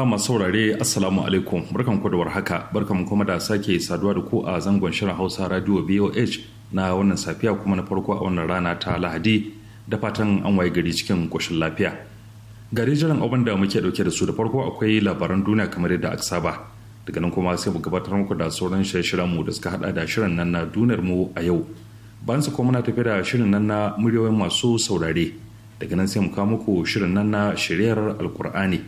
jama'a masu saurare assalamu alaikum barkan ku da warhaka barkan kuma da sake saduwa da ku a zangon shirin hausa radio boh na wannan safiya kuma na farko a wannan rana ta lahadi da fatan an waye gari cikin koshin lafiya gari jiran abin da muke dauke da su da farko akwai labaran duniya kamar yadda aka saba daga nan kuma sai mu gabatar muku da sauran shirye-shiryen mu da suka haɗa da shirin nan na dunar mu a yau bayan su kuma muna tafi da shirin nan na muryoyin masu saurare daga nan sai mu kawo muku shirin nan na shiryar alkur'ani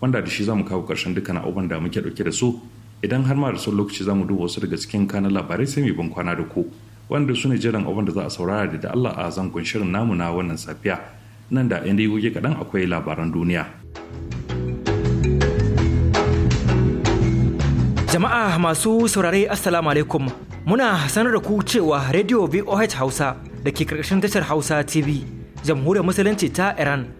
wanda da shi zamu kawo karshen dukkan abubuwan da muke dauke da su idan har ma da son lokaci zamu duba wasu daga cikin kanan labarai sai mu ban kwana da ku wanda su ne jiran abin da za a saurara da Allah a zangon shirin namu na wannan safiya nan da yan dai kaɗan akwai labaran duniya. Jama'a masu saurare Assalamu alaikum muna sanar da ku cewa Radio VOH Hausa da ke karkashin tashar Hausa TV jamhuriyar musulunci ta Iran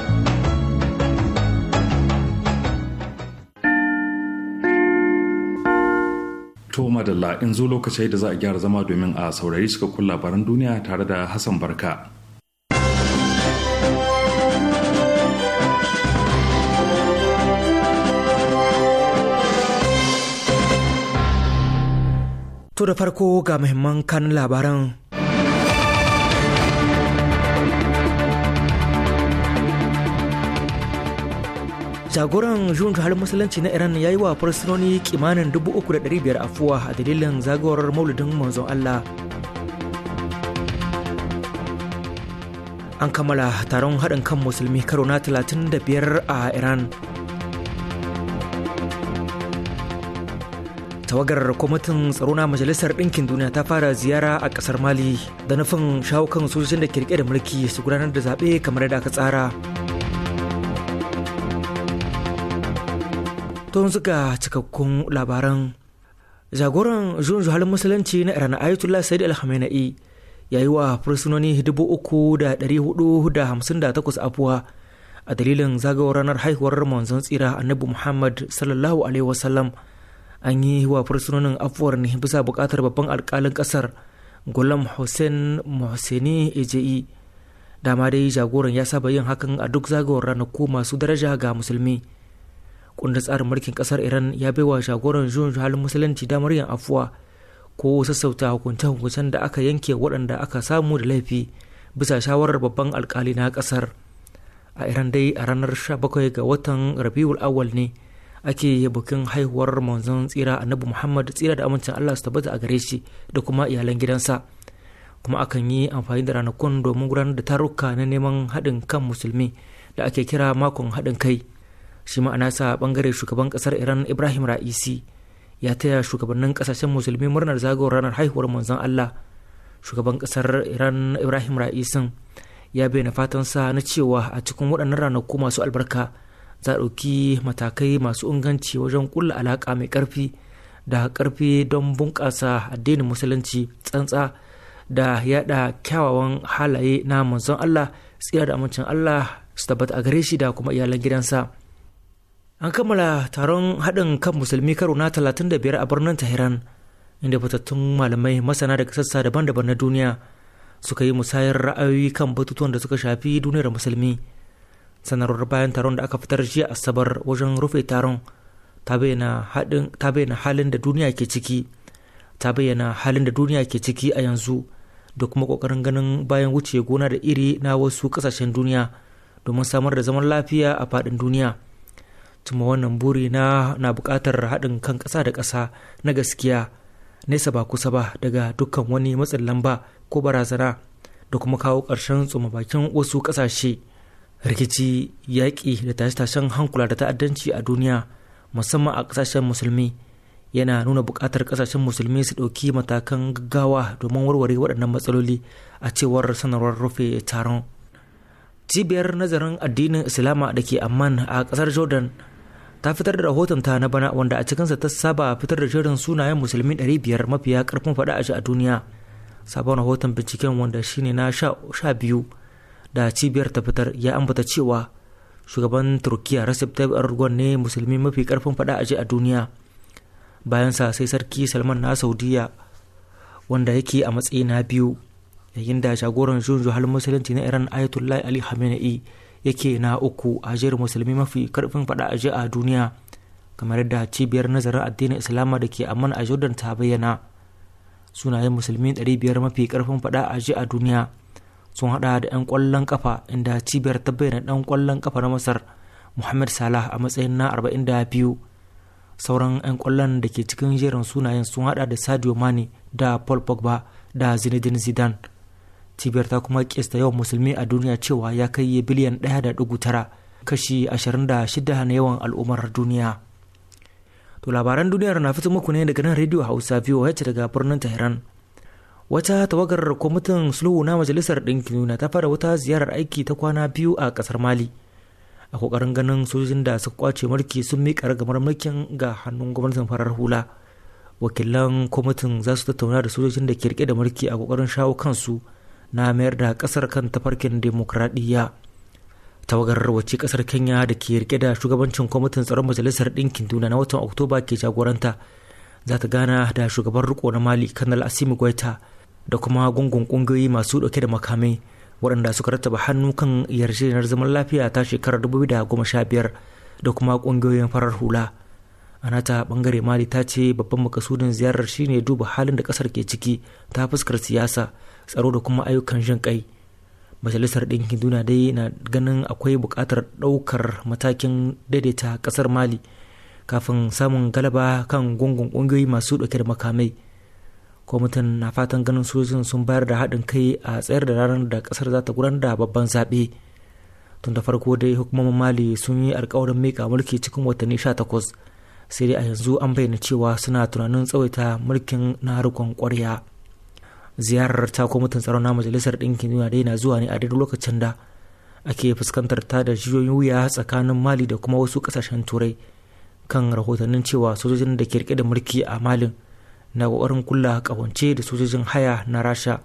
To madalla in zo lokacin da za a gyara zama domin a saurari cikakkun labaran duniya tare da Hassan Barka. To da farko ga muhimman kan labaran jagoran juyin halin musulunci na iran ya yi wa fursunoni kimanin 3,500 afuwa a dalilin zagawar mauludin manzon allah an kammala taron haɗin kan musulmi karo na 35 a iran tawagar kwamitin tsaro na majalisar ɗinkin duniya ta fara ziyara a ƙasar mali da nufin shawo kan sojojin da kirkirar mulki su gudanar da zaɓe kamar da aka tsara Tun ga cikakkun labaran jagoran jun halin musulunci na iran ayatollah sayyid al ya yi wa fursunoni takwas afuwa a dalilin zagawar ranar haihuwar manzon tsira annabi muhammad sallallahu alaihi wasallam an yi wa fursunonin afuwar ne bisa bukatar babban alkalin kasar gulam hussein mohseni eji dama dai jagoran ya saba yin hakan a duk zagawar ranaku masu daraja ga musulmi kundin tsarin mulkin kasar iran ya bai wa shagoran juyin halin musulunci damar yin afuwa ko sassauta hukunce-hukuncen da aka yanke waɗanda aka samu da laifi bisa shawarar babban alkali na kasar a iran dai a ranar 17 ga watan rabiul awal ne ake bukin haihuwar manzon tsira annabi muhammad tsira da amincin allah su tabbata a gare shi da kuma iyalan gidansa kuma akan yi amfani da ranakun domin gudanar da taruka na neman haɗin kan musulmi da ake kira makon haɗin kai shi ma sa bangare shugaban kasar iran ibrahim ra'isi ya taya shugabannin kasashen musulmi murnar zagawar ranar haihuwar manzon allah shugaban kasar iran ibrahim ra'isin ya bayyana fatan sa na cewa a cikin waɗannan ranaku masu albarka za ɗauki matakai masu inganci wajen kulla alaka mai ƙarfi da ƙarfi don bunƙasa addinin musulunci tsantsa da yaɗa kyawawan halaye na manzon allah tsira da amincin allah su tabbata a gare shi da kuma iyalan gidansa an kammala taron haɗin kan musulmi karo na 35 a birnin tahiran inda fitattun malamai masana daga sassa daban-daban na duniya suka yi musayar ra'ayoyi kan batutuwan da suka shafi duniyar musulmi sanarwar bayan taron da aka fitar jiya asabar wajen rufe taron ta bayyana halin da duniya ke ciki ta bayyana halin da duniya ke ciki a yanzu da kuma kokarin ganin bayan wuce gona da iri na wasu kasashen duniya domin samar da zaman lafiya a faɗin duniya tuma wannan buri na na bukatar haɗin kan ƙasa da ƙasa na gaskiya nesa ba kusa ba daga dukkan wani matsin lamba ko barazana da kuma kawo ƙarshen tsoma bakin wasu ƙasashe rikici yaƙi da tashe-tashen hankula da ta'addanci a duniya musamman a ƙasashen musulmi yana nuna buƙatar ƙasashen musulmi su ɗauki matakan gaggawa domin warware waɗannan matsaloli a cewar sanarwar rufe taron cibiyar nazarin addinin islama da ke amman a ƙasar jordan ta fitar da rahoton ta na bana wanda a cikinsa ta saba fitar da shirin sunayen musulmi 500 mafiya karfin faɗa a a duniya sabon rahoton binciken wanda shine na sha biyu da cibiyar ta fitar ya ambata cewa shugaban turkiya recep tayyip erdogan ne musulmi mafi karfin faɗa a a duniya bayan sa sai sarki salman na saudiya wanda yake a matsayi na biyu yayin da jagoran junju hal musulunci na iran ayatollah ali khamenei yake na uku a jihar musulmi mafi karfin fada aji a duniya kamar yadda cibiyar nazarin addinin islama da ke amman a jordan ta bayyana sunayen musulmi 500 mafi karfin fada aji a duniya sun hada da 'yan kwallon kafa inda cibiyar ta bayyana dan kwallon kafa na masar muhammad salah a matsayin na 42 sauran 'yan kwallon da ke cikin jerin sunayen sun hada da sadio mane da paul pogba da zinedine zidane cibiyar ta kuma kesta yawan musulmi a duniya cewa ya kai biliyan tara kashi ashirin da 26 na yawan al'ummar duniya to labaran duniyar na fito muku ne daga nan rediyo hausa voh daga birnin tehran wata tawagar kwamitin sulhu na majalisar ɗinkin duniya ta fara wata ziyarar aiki ta kwana biyu a ƙasar mali a kokarin ganin sojojin da suka kwace mulki sun miƙa ragamar mulkin ga hannun gwamnatin farar hula wakilan kwamitin za su tattauna da sojojin da ke rike da mulki a kokarin shawo kansu na mayar da kasar kan tafarkin demokradiyya tawagar wacce kasar kenya da ke rike da shugabancin kwamitin tsaron majalisar ɗinkin duniya na watan oktoba ke jagoranta za ta gana da shugaban riko na mali kanal asimi gwaita da kuma gungun kungiyoyi masu dauke da makamai waɗanda suka rattaba hannu kan yarjejeniyar zaman lafiya ta shekarar 2015 da kuma kungiyoyin farar hula a nata bangare mali ta ce babban makasudin ziyarar shine duba halin da kasar ke ciki ta fuskar siyasa tsaro da kuma ayyukan jin kai majalisar ɗinkin duniya dai na ganin akwai buƙatar ɗaukar matakin daidaita ƙasar mali kafin samun galaba kan gungun ƙungiyoyi masu ɗauke da makamai kwamitin na fatan ganin sojojin sun bayar da haɗin kai a tsayar da ranar da ƙasar za ta gudanar da babban zaɓe tun da farko dai hukumomin mali sun yi alkawarin miƙa mulki cikin watanni 18 sai dai a yanzu an bayyana cewa suna tunanin tsawaita mulkin na harkon ƙwarya ziyarar ta kwamitin tsaron na majalisar ɗinkin duniya dai na zuwa ne a daidai lokacin da ake fuskantar ta da jiyoyin wuya tsakanin mali da kuma wasu kasashen turai kan rahotannin cewa sojojin da ke rike da mulki a malin na ƙoƙarin kula ƙawance da sojojin haya na rasha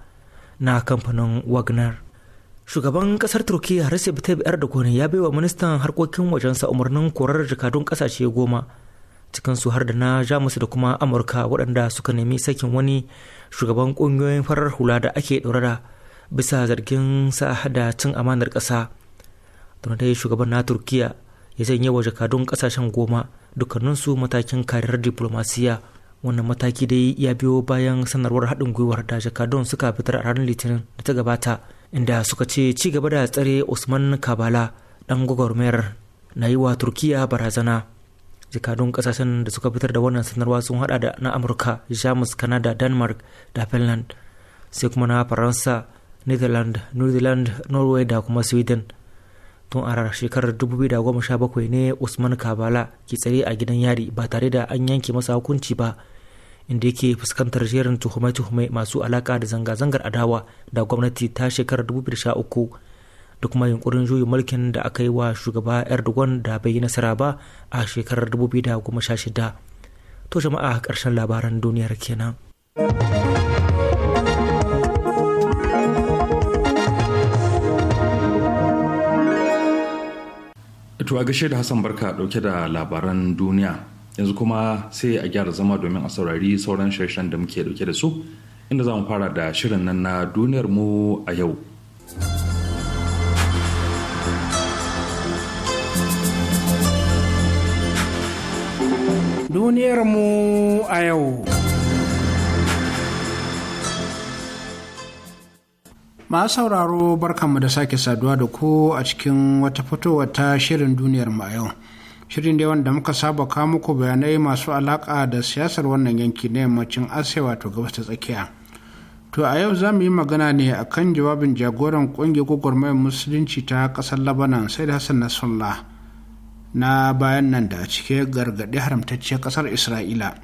na kamfanin wagner shugaban kasar turkiya recep tayyip erdogan ya bai wa ministan harkokin wajensa umarnin korar jakadun ƙasashe goma cikinsu har da na jamus da kuma amurka waɗanda suka nemi sakin wani shugaban ƙungiyoyin farar hula da ake ɗaurara bisa zargin sa da cin amanar ƙasa dai shugaban na turkiya ya janye wa jakadun ƙasashen goma dukkaninsu matakin kariyar diplomasiya wannan mataki dai ya biyo bayan sanarwar haɗin gwiwar da jakadun suka fitar a ranar litinin da ta gabata inda suka ce ci gaba da tsare usman kabala ɗan gwagwarmayar na yi wa turkiya barazana jakadun kasashen da suka fitar da wannan sanarwa sun hada da na amurka jamus canada denmark da finland sai kuma na faransa netherland new zealand norway da kuma sweden tun a shekarar 2017 ne usman kabala ke tsare a gidan yari ba tare da an yanke masa hukunci ba inda yake fuskantar jerin tuhume-tuhume masu alaka da zanga-zangar adawa da gwamnati ta shekarar 2013 da kuma yunkurin juyin mulkin da aka yi wa shugaba erdogan da bai yi nasara ba a shekarar 2016 to jama'a karshen labaran duniyar kenan to a gashe da hassan barka dauke da labaran duniya yanzu kuma sai a gyara zama domin a saurari sauran shirshen da muke dauke da su inda za mu fara da shirin nan na duniyar mu a yau. Duniyarmu a yau. ma sauraro barkanmu da sake saduwa da ku a cikin wata fitowa ta shirin duniyarmu a yau. Shirin da wanda muka saba kawo muku bayanai masu alaƙa da siyasar wannan yanki na yammacin Asiya wato gabas ta tsakiya. To a yau za mu yi magana ne akan jawabin jagoran ƙungiyar gwagwarmayar musulunci ta ƙasar Labanan sai da Hassan Nasrallah. na bayan nan da a cike gargaɗi haramtacciyar ƙasar isra'ila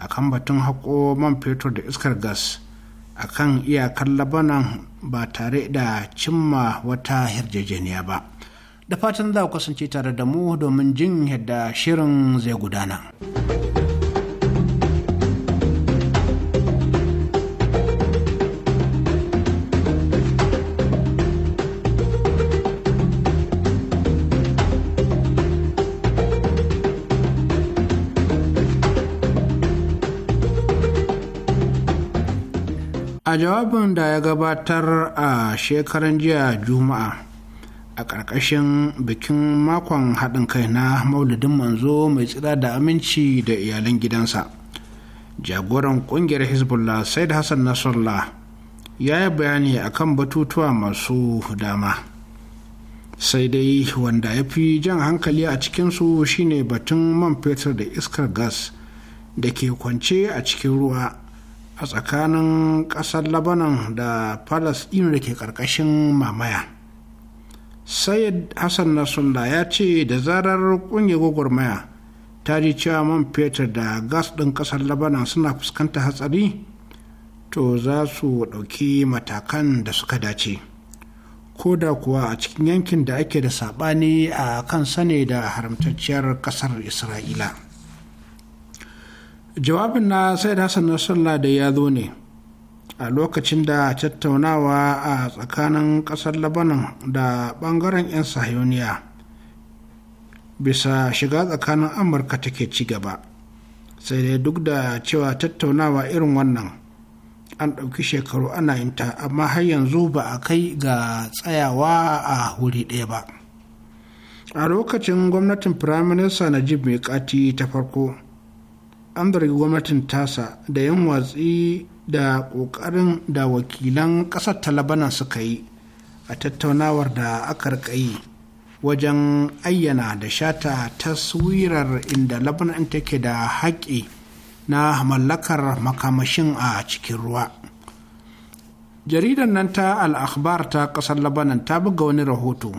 a kan batun haƙo man fetur da iskar gas a kan iyakar labanan ba tare da cimma wata yarjejeniya ba da fatan za ku kasance tare da mu domin jin yadda shirin zai gudana. a jawabin da ya gabatar a shekaran jiya juma'a a ƙarƙashin bikin makon haɗin kai na maulidin manzo mai tsira da aminci da iyalan gidansa jagoran ƙungiyar hezbollah said hassan nasrallah ya yi bayani a kan batutuwa masu dama sai dai wanda ya fi jan hankali a cikinsu shine batun man fetur da iskar gas da ke kwance a cikin ruwa a tsakanin ƙasar labanan da palestine da ke ƙarƙashin mamaya sayid hassan nasrallah ya ce da zarar ƙungiyar gwagwarmaya ta ji cewa man fetur da gas ɗin ƙasar labanan suna fuskanta hatsari to za su ɗauki matakan da suka dace ko da kuwa a cikin yankin da ake da saɓani a kan sane da haramtacciyar ƙasar isra'ila jawabin na said hassan nasarla da ya zo ne a lokacin da tattaunawa a tsakanin kasar labanan da bangaren 'yan sahiyoniya bisa shiga tsakanin amurka take ci gaba sai dai duk da cewa tattaunawa irin wannan an ɗauki shekaru ana yinta, amma har yanzu ba a kai ga tsayawa a wuri ɗaya ba a lokacin gwamnatin firaminista najib mai kati ta farko an zargi gwamnatin tasa da yin watsi da ƙoƙarin da wakilan ƙasar ta labanan suka yi a tattaunawar da aka rikayi wajen ayyana da shata taswirar inda labanan take da haƙƙi na mallakar makamashin a cikin ruwa jaridar nan ta al'akhbar ta ƙasar labanan ta buga wani rahoto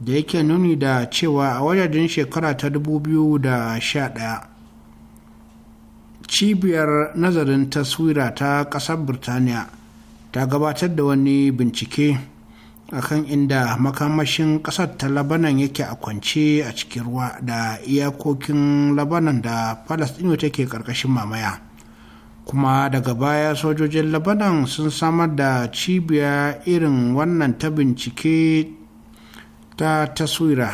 da yake nuni da cewa a wajajen shekara ta 2011 cibiyar nazarin taswira ta ƙasar birtaniya ta gabatar da wani bincike akan inda makamashin ƙasar ta labanan yake a kwance a cikin ruwa da iyakokin labanan da palestino take ƙarƙashin mamaya kuma daga baya sojojin labanan sun samar da cibiya irin wannan ta bincike ta taswira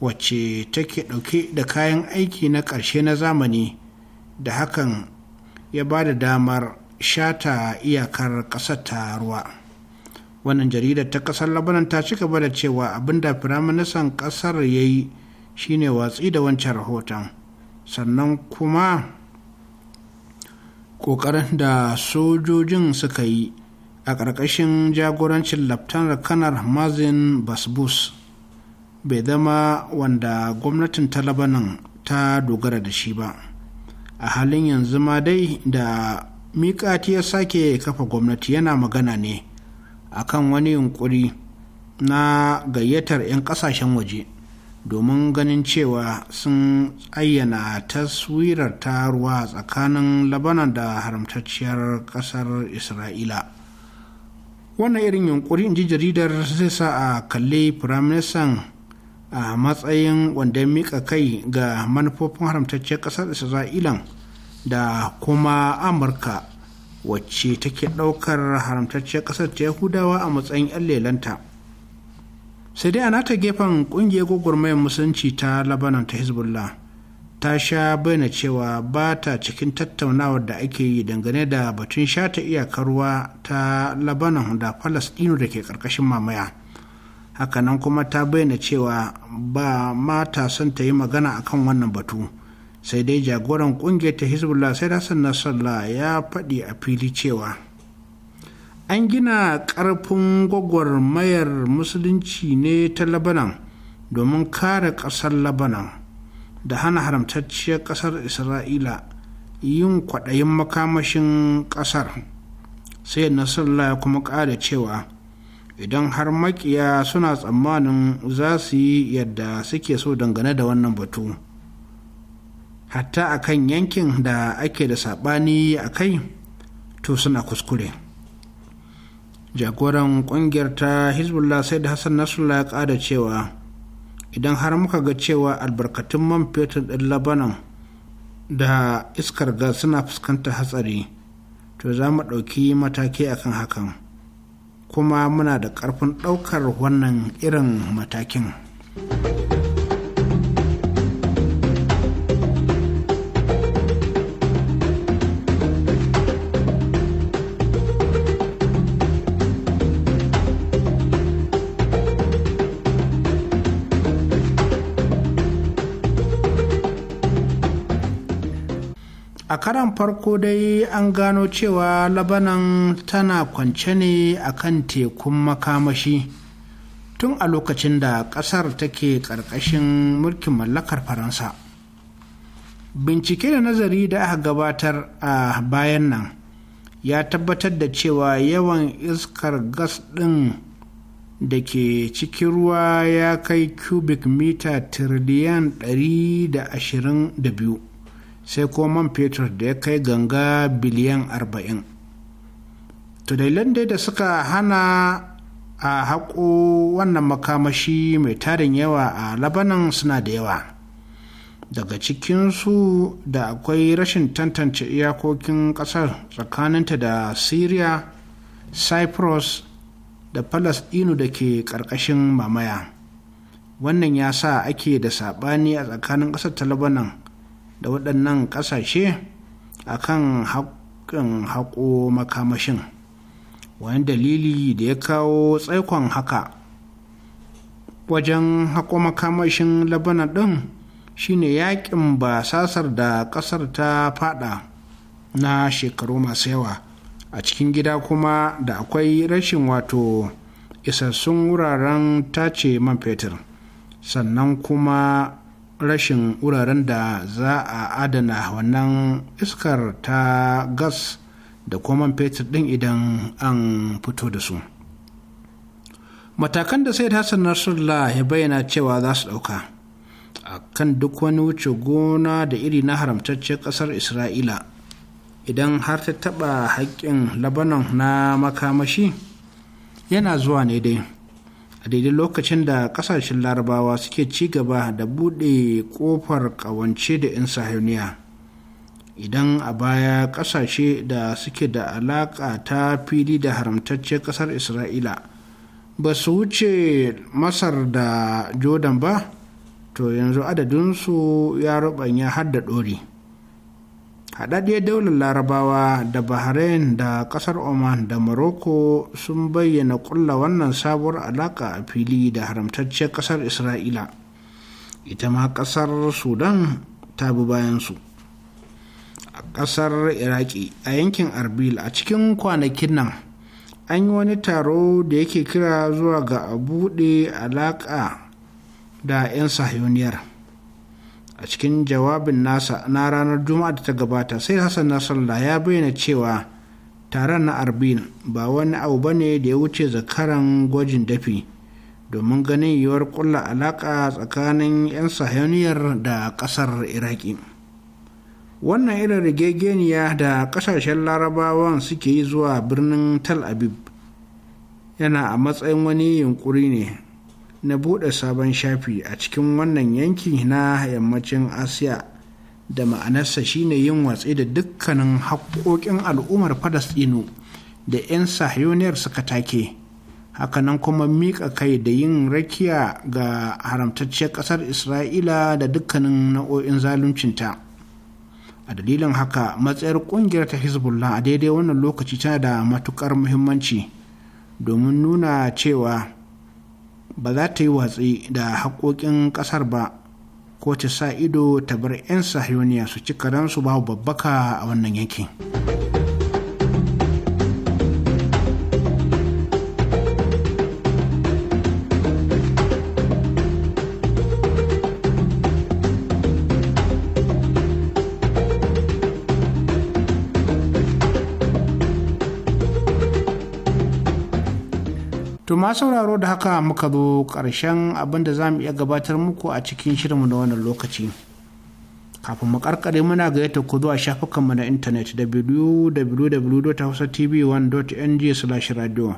wacce take ɗauke da kayan aiki na ƙarshe na zamani da hakan ya ba da damar shata iyakar ƙasar ta ruwa wannan jaridar ta ƙasar labanan ta ci gaba da cewa abin da firaministan ƙasar ya yi shine watsi da wancan rahoton sannan kuma ƙoƙarin da sojojin suka yi a ƙarƙashin jagorancin laftan kanar mazin basbus bai zama wanda gwamnatin ta labanan ta dogara da shi ba. a halin yanzu ma dai da miƙati ya sake kafa gwamnati yana magana ne a kan wani yunkuri na gayyatar 'yan kasashen waje domin ganin cewa sun ayyana taswirar ta ruwa tsakanin labanan da haramtacciyar kasar isra'ila wannan irin yunkuri in ji jaridar zai sa a kalli firaministan a matsayin wanda mika kai ga manufofin haramtacciyar kasar isra'ilan da kuma amurka wacce take ɗaukar haramtacciyar ƙasar ta yahudawa a matsayin 'yan lelanta sai dai a nata gefen ƙungiyar gwagwarmayar musulunci ta labanan ta hezbollah ta sha bayyana cewa ba ta cikin tattaunawar da ake yi dangane da batun shata iyakar ruwa ta labanan da falastinu da ke ƙarƙashin mamaya hakanan kuma ta bayyana cewa ba ma ta son ta yi magana akan wannan batu. sai dai jagoran kungiyar ta hezbollah sai hassan nasrallah ya faɗi a fili cewa an gina ƙarfin gwagwarmayar musulunci ne ta labanan domin kare ƙasar labanan da hana haramtacciyar ƙasar isra'ila yin kwaɗayin makamashin ƙasar sai nasarla ya kuma ƙara cewa idan har makiya suna tsammanin za su yi yadda suke so dangane da wannan batu hatta a kan yankin da ake da saɓani a kai to suna kuskure jagoran ƙungiyar ta hezbollah sai da hassan nasrullah ya ƙada cewa idan har muka ga cewa albarkatun man fetur ɗin labanan da iskar ga suna fuskanta hatsari to za mu ɗauki mataki akan hakan kuma muna da ƙarfin ɗaukar wannan irin matakin. karan farko dai an gano cewa labanan tana kwance ne a kan tekun makamashi tun a lokacin da ƙasar take ƙarƙashin mulkin mallakar faransa bincike da nazari da aka gabatar a bayan nan ya tabbatar da cewa yawan iskar gas ɗin da ke cikin ruwa ya kai cubic mita tiriliyan 122 sai ko man fetur da ya kai ganga biliyan 40 to dai da suka hana a haƙo wannan makamashi mai tarin yawa a labanan suna da yawa daga cikinsu da akwai rashin tantance iyakokin ƙasar tsakaninta da syria cyprus da palestino da ke ƙarƙashin mamaya wannan ya sa ake da saɓani a tsakanin ƙasar ta labanan da waɗannan ƙasashe a kan haƙƙin haƙo makamashin wani dalili da ya kawo tsaikon haka wajen haƙo makamashin Labana ɗin shine yaƙin basasar da ƙasar ta faɗa na shekaru masu yawa a cikin gida kuma da akwai rashin wato isassun wuraren tace man fetur sannan kuma rashin wuraren da za a adana wannan iskar ta gas da kuma fetur ɗin idan an fito da su matakan da sai hassan nasrullah ya bayyana cewa za su ɗauka a kan duk wani wuce gona da iri na haramtaccen ƙasar isra'ila idan har ta taɓa haƙƙin labanon na makamashi yana zuwa ne dai a daidai lokacin da kasashen larabawa suke ci gaba da buɗe ƙofar ƙawance da 'yan sahiyoniya idan a baya ƙasashe da suke da alaƙa ta fili da haramtaccen ƙasar isra'ila ba su wuce masar da jordan ba to yanzu adadinsu ya rubanya har da ɗori. haɗaɗɗiyar daular larabawa da bahrain da ƙasar oman da morocco sun bayyana ƙulla wannan sabuwar alaƙa a fili da haramtacciyar ƙasar isra'ila ita ma ƙasar sudan ta bi bayansu a ƙasar iraki a yankin arbil a cikin kwanakin nan an yi wani taro da yake kira zuwa ga a buɗe alaƙa da 'yan sahiyoniyar a cikin jawabin nasa na ranar juma'a da ta gabata sai hassan Sallah ya bayyana cewa taron na arbin ba wani abu ba ne da ya wuce zakaran gwajin dafi domin ganin yiwuwar kulla alaka tsakanin 'yan sahiyoniyar da kasar iraki wannan irin rigegeniya da kasashen larabawan suke yi zuwa birnin Tal Abib yana a matsayin wani yunkuri ne na buɗe sabon shafi a cikin wannan yanki na yammacin asiya da ma'anarsa shine yin watsi da dukkanin haƙoƙin al'ummar falasɗinu da 'yan sahiyoniyar suka take hakanan kuma miƙa kai da yin rakiya ga haramtacciyar ƙasar isra'ila da dukkanin na'o'in zaluncinta a dalilin haka matsayar ƙungiyar ta hezbollah a daidai wannan lokaci tana da matuƙar muhimmanci domin nuna cewa ba za ta yi watsi da haƙoƙin ƙasar ba ko ta sa ido ta bar 'yan sahiyoniya su ci karansu babu babbaka a wannan yankin. To ma sauraro da haka muka zo ƙarshen abin da za mu iya gabatar muku a cikin shirinmu na wannan lokaci. Kafin mu karkare muna gayyata ku zuwa shafukanmu na intanet www.hausatv1.ng/radio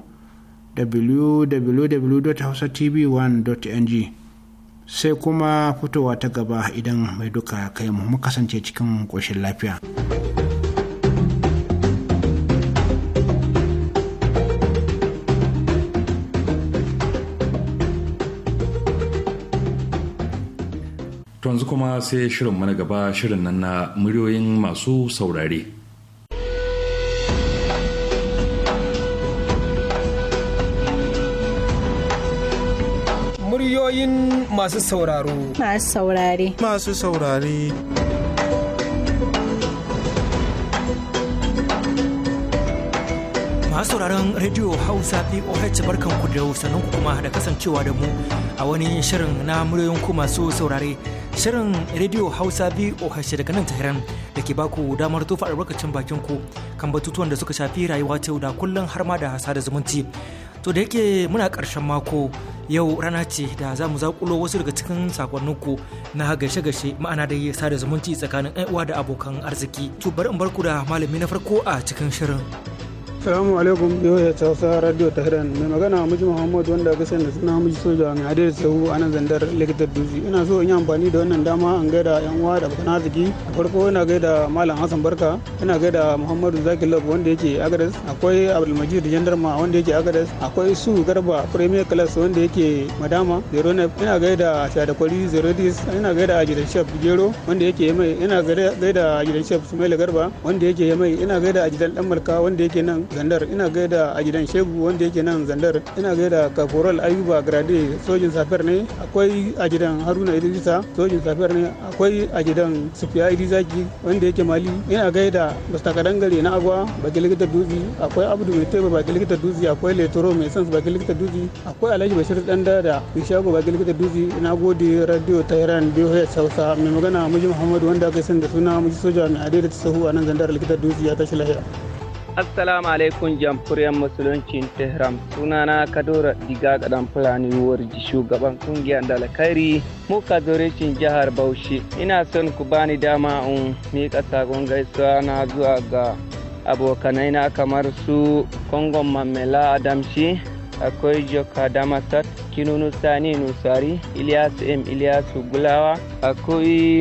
www.hausatv1.ng sai kuma fitowa ta gaba idan mai duka kai mu kasance cikin ƙoshin lafiya. kuma sai shirin mana gaba shirin nan na muryoyin masu saurare. Muryoyin masu sauraro. Masu saurare. Masu saurare. masu sauraron rediyo hausa barkan ku da sannan kuma da kasancewa da mu a wani shirin na muryoyin ku masu saurare Shirin Radio Hausa biyu VOH daga nan Tehran da ke baku damar tofa albarkacin bakin ku kan batutuwan da suka shafi rayuwa ta yau da kullum har ma da sada zumunci. To da yake muna karshen mako yau rana ce da za mu zaƙulo wasu daga cikin sakonninku na gashe-gashe ma'ana da sada zumunci tsakanin uwa da abokan arziki. To bari in barku da malami na farko a cikin shirin. Assalamu alaikum biyoyi ta Hausa Radio Tehran mai magana miji Muhammad wanda aka sani suna miji soja mai hadari sahu a nan zandar likitar Duzi ina so in yi amfani da wannan dama an gaida yan uwa da bakan arziki a farko ina gaida Malam Hassan Barka ina gaida Muhammadu Zaki Lab wanda yake agres akwai Abdulmajid Jandarma wanda yake agres akwai Su Garba Premier Class wanda yake Madama Zero ina gaida Shadakwari Zero Dis ina gaida Ajidan shef Gero wanda yake Yamai ina gaida Ajidan shef Sumaila Garba wanda yake Yamai ina gaida Ajidan Dan Malka wanda yake nan zandar ina gaida a gidan shegu wanda yake nan zandar ina gaida kaforal ayuba grade sojin safiyar ne akwai a gidan haruna idrisa sojin safiyar ne akwai a gidan sufiya idrisaki wanda yake mali ina gaida mr kadangare na agwa bakin likita dutse akwai abdu mai teba bakin likita dutse akwai letoro mai sans bakin likita dutse akwai alhaji bashir dan dada mai shago baki likita dutse na gode radio tehran biyu sausa mai magana muji muhammadu wanda aka sani da suna muji soja mai adaidaita sahu a nan zandar likita dutse ya tashi lahira. Assalamu alaikum jamhuriyar musulunci, Tehran sunana Kadora Diga Kadan Fulani ji shugaban kungiyar Dalakari mu Kadorecin jihar Bauchi ina son ku bani dama in miƙa sakon gaisuwa na zuwa ga abokanai na kamar su Kongon Mamela Adamshi akwai Joka Damasat Kinunu Sani Nusari Ilyasu M Ilyasu Gulawa akwai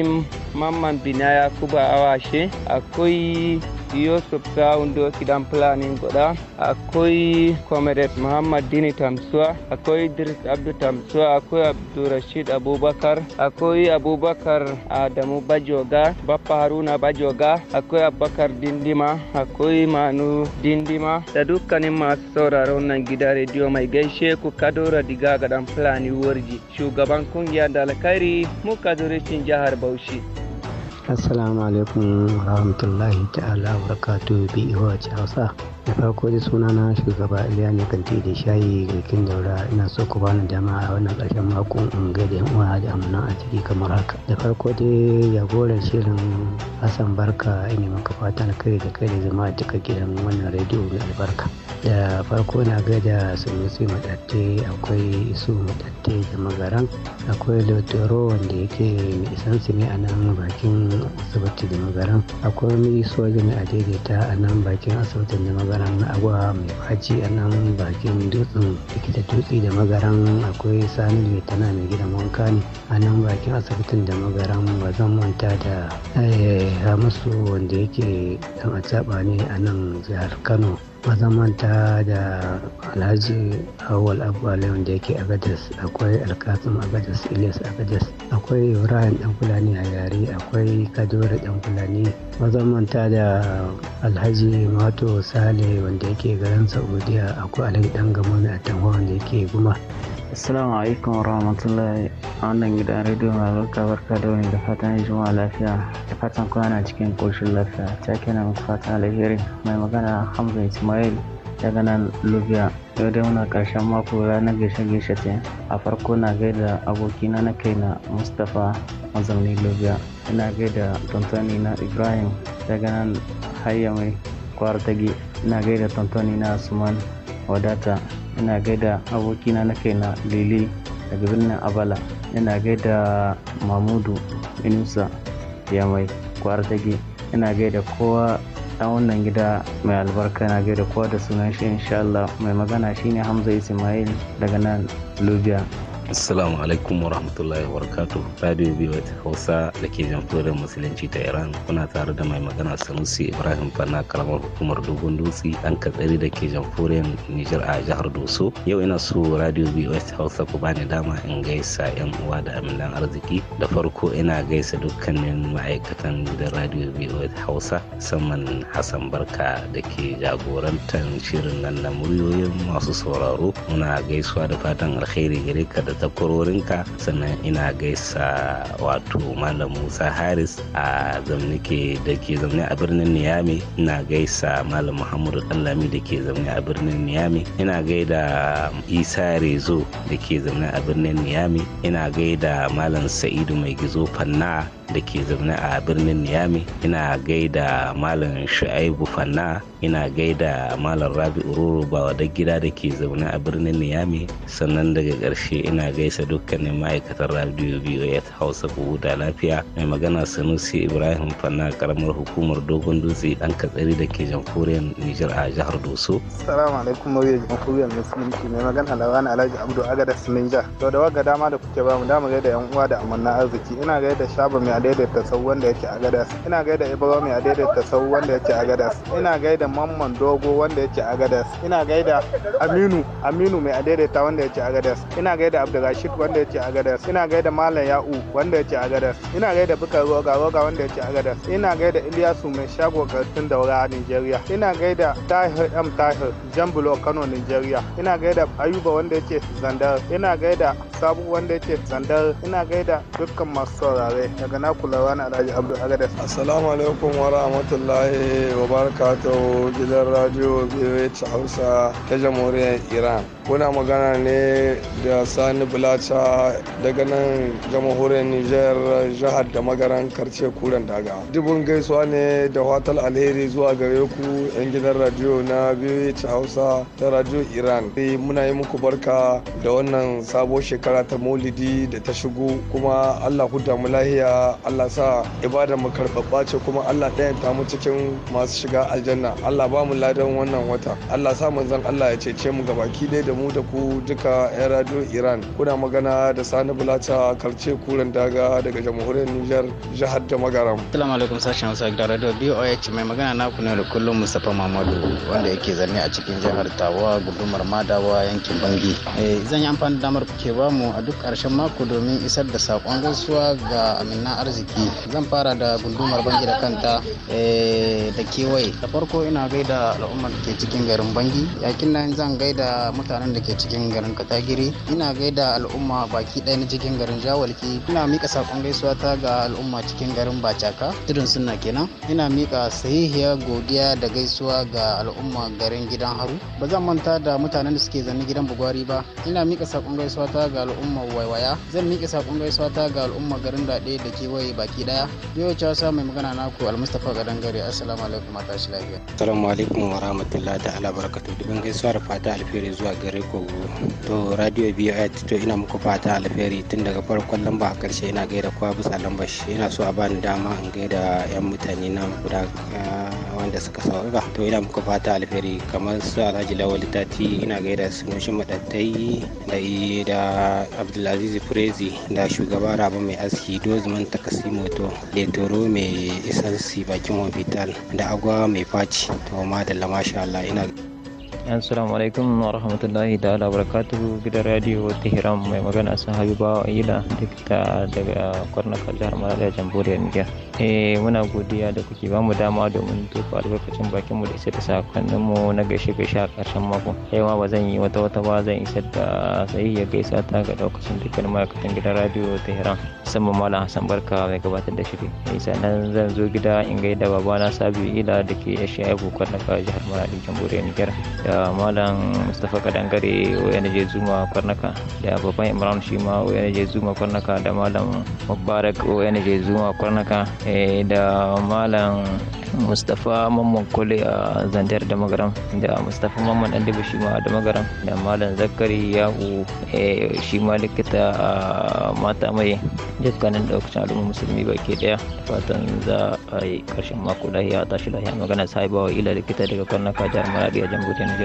Mamman Binaya, Kuba Awashe akwai yo sobta undo kiɗan planin goɗa akwai comrade muhammad dini tamsuwa akwai idris abdu tamsuwa akwai Rashid abubakar akwai abubakar adamu bajoga bappa haruna bajoga akwai abubakar dindima akwai manu dindima da dukkanin masu sauraron nan gida rediyo mai gaishe ku kadora diga gaɗan fulani worji. shugaban kungiya da alkhairi muka jihar bauchi assalamu alaikum rahmatullahi ta'ala wa barakatuhu bi e hausa da farko da suna na shugaba iliya ne kan da shayi ga kin daura ina so ku bani dama a wannan karshen mako in ga da uwa da amana a ciki kamar haka da farko dai jagoran shirin hassan barka ina maka fatan kai da kai da zama a cika gidan wannan rediyo mai albarka da farko na ga da sunusi matatte akwai isu matatte da magaran akwai lotero wanda yake mai su ne a nan bakin asibiti da magaran akwai mai soja mai adaidaita a nan bakin asibitin da magaran magaran agwa mai faci a nan bakin dutsen likita dutse da magaran akwai sani mai tana mai gidan wanka ne a nan bakin asibitin da magaran ba zan manta da eh, hamisu wanda yake dan a ne a nan jihar kano mazamanta da alhaji awal abu alayyar da yake agadas akwai alkasim agadas ilyas agadas akwai ibrahim dan fulani a yare akwai kadura dan fulani mazamanta da alhaji mato sale wanda yake garin saudiya akwai alhaji dan gamoni a tanwa wanda yake guma Assalamu alaikum warahmatullahi a wannan gidan rediyo mai barka barka da wani da fatan zuwa lafiya da fatan kuna na cikin koshin lafiya ta kena muku fatan alheri mai magana hamza ismail daga nan Lubiya yau dai muna karshen mako ranar gaishe gaishe ta a farko na gaida abokina na kaina mustapha mazauni Lubiya ina gaida tantani na ibrahim daga nan hayya kwarta ina gaida tantani na suman wadata yana gaida abokina na na lele daga birnin abala yana gaida mamudu inusa ya mai kwar tage ina gaida kowa dan wannan gida mai albarka na gaida kowa da sunan shi insha mai magana shine Hamza Ismail daga nan Libya Assalamu alaikum wa rahmatullahi wa Radio Biwet Hausa da ke jamfurin Musulunci ta Iran kuna tare da mai magana Sanusi Ibrahim Fana karamar hukumar Dogon Dutse an katsari da ke jamfurin Nijar a jihar Doso. Yau ina so Radio Biwet Hausa ku bani dama in gaisa yan uwa da aminan arziki. Da farko ina gaisa dukkanin ma'aikatan gidan Radio Biwet Hausa musamman Hassan Barka da ke jagorantar shirin nan na muryoyin masu sauraro. Muna gaisuwa da fatan alkhairi gare ka da takwarorinka sannan ina gaisa wato malam musa haris a zamnike da ke zamne a birnin niyami ina gaisa malam muhammadu Danlami da ke zamne a birnin niyami ina gaida isa rezo da ke zamne a birnin niyami ina gaida malam sa'idu mai gizo fanna da ke zaune a birnin niyami ina gaida malam shu'aibu fanna ina gaida malam rabi ururu wa da gida da ke zaune a birnin niyami sannan daga ƙarshe ina gaisa dukkanin ma'aikatan radio bos hausa ku da lafiya mai magana sanusi ibrahim fanna karamar hukumar dogon dutse dan katsari da ke jamhuriyar nijar a jihar doso salamu alaikum mawuyar jamhuriyar musulunci mai magana lawan alhaji abdu agada sininja to da waga dama da kuke bamu dama gaida yan uwa da amanna arziki ina gaida shaba mai a daidaita sau wanda yake a gadas ina gaida ibrahim a daidaita sau wanda yake a gadas ina gaida mamman dogo wanda yake a gadas ina gaida aminu aminu mai a daidaita wanda yake a gadas ina gaida abdulrashid wanda yake a gadas ina gaida malam ya'u wanda yake a gadas ina gaida bukar roga roga wanda yake a gadas ina gaida iliyasu mai shago kartun daura a nigeria ina gaida tahir m tahir jambulo kano nigeria ina gaida ayuba wanda yake zandar ina gaida sabu wanda yake zandar ina gaida dukkan masu saurare daga na kulawa na Alhaji Abdul Agadas. Assalamu alaikum wa rahmatullahi wa barakatuhu gidan radio BH Hausa ta Jamhuriyar Iran. Kuna magana ne da Sani Bulacha daga nan Jamhuriyar Nijar jihar da magaran karce kuren daga. Dubun gaisuwa ne da watal alheri zuwa gare ku 'yan gidan radio na BH Hausa ta radio Iran. Eh, muna yi muku barka da wannan sabon shekara ta Maulidi da ta shigo kuma Allah ku damu lahiya Allah sa ibadar mu karɓaɓɓa ce kuma Allah ɗayan ta mu cikin masu shiga aljanna Allah ba mu ladan wannan wata Allah sa manzon Allah ya cece mu gabaki dai da mu da ku duka yan radio Iran kuna magana da Sani Bulacha Kalce Kuren Daga daga jamhuriyar Niger jihar da Magaram Assalamu alaikum sashen Hausa da radio BOH mai magana na ne da kullum Mustapha Mamadu wanda yake zanne a cikin jihar Tawa gudumar Madawa yankin Bangi eh, zan yi amfani da damar kuke bamu a duk ƙarshen mako domin isar da saƙon gaisuwa ga Amina arziki zan fara da gundumar bangi da kanta eh, da kewaye da farko ina gaida al'ummar da ke cikin garin bangi yakin nan zan gaida mutanen da ke cikin garin katagiri ina gaida al'umma baki ɗaya na cikin garin jawalki ina mika sakon gaisuwa ta ga al'umma cikin garin bacaka tudun suna kenan ina mika sahihiyar godiya da gaisuwa ga al'umma garin gidan haru ba zan manta da mutanen da suke zanne gidan bugwari ba ina mika sakon gaisuwa ta ga al'umma waiwaya zan mika sakon gaisuwa ta ga al'umma garin daɗe da kewaye kawai baki daya yau ta mai magana naku almustafa gadan gari assalamu alaikum mata shi lafiya assalamu alaikum wa rahmatullahi ala barakatu dubin gaisuwa da fata alheri zuwa gare ku to radio voa to ina muku fata alheri tun daga farkon lamba a karshe ina gaida kowa bisa lambar shi ina so a bani dama in gaida yan mutane na guda ah, wanda suka saurara to ina muku fata alheri kamar su alhaji lawal tati ina gaida su nushin madattai da da abdulaziz prezi da shugaba raba mai aski dozman moto letoro mai isansi bakin hospital da agwa mai faci to ma da lamasha Allah ina assalamu alaikum wa rahmatullahi ta'ala barakatuhu gidan radio tehran mai magana sun habiba wa ila dikta daga kwarnaka jihar malariya jamhuriyar niger eh muna godiya da kuke bamu dama domin tofa albarkacin bakin mu da isa da sakonnin mu na gaishe gaishe a karshen mako yau ma ba zan yi wata wata ba zan isa da sai ya gaisa ta ga lokacin dukkan ma'aikatan gidan radio tehran Sama malam hassan barka mai gabatar da shiri eh, sannan zan zo gida in gaida babana sabi ila da ke ya shi aiko kwarnaka jihar malariya jamhuriyar niger da malam mustapha kadangare wayan zuma kwarnaka da babban imran shi ma wayan zuma kwarnaka da malam mubarak wayan zuma kwarnaka eh, da malam mustapha mamman kole a zandar da magaram da mustapha mamman dan dubu shi ma da magaram da malam zakari yahu eh, shi ma likita a mata mai dukkanin daukacin al'umma musulmi baki daya fatan za a yi karshen mako lahiya tashi lahiya magana sahibawa ila likita daga kwarnaka jihar maradi a jamhuriyar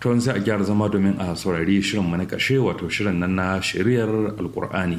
to za a gyara zama domin a saurari shirin na ƙarshe wato shirin nan na shiriyar alkur'ani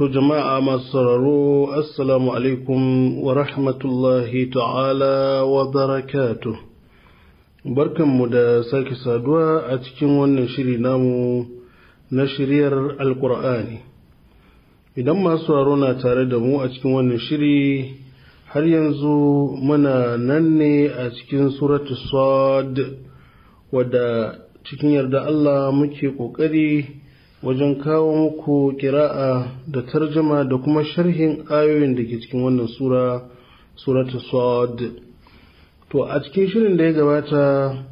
To jama'a masu sauraro, Assalamu alaikum wa rahmatullahi ta'ala wa Barkan Barkanmu da sake saduwa a cikin wannan shiri namu na shiryar Alƙur'ani. Idan masu sauraro na tare da mu a cikin wannan shiri har yanzu muna nan ne a cikin suratu Sad wadda cikin yarda Allah muke ƙoƙari. wajen kawo muku kira'a da tarjama da kuma sharhin ayoyin da ke cikin wannan sura suratu to a cikin shirin da ya gabata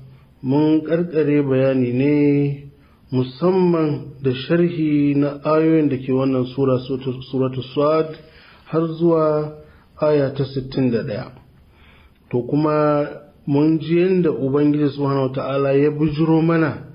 mun karkare bayani ne musamman da sharhi na ayoyin da ke wannan sura suratu har zuwa aya ta 61 to kuma mun ji yadda ubangiji subhanahu ta'ala ya bujiro mana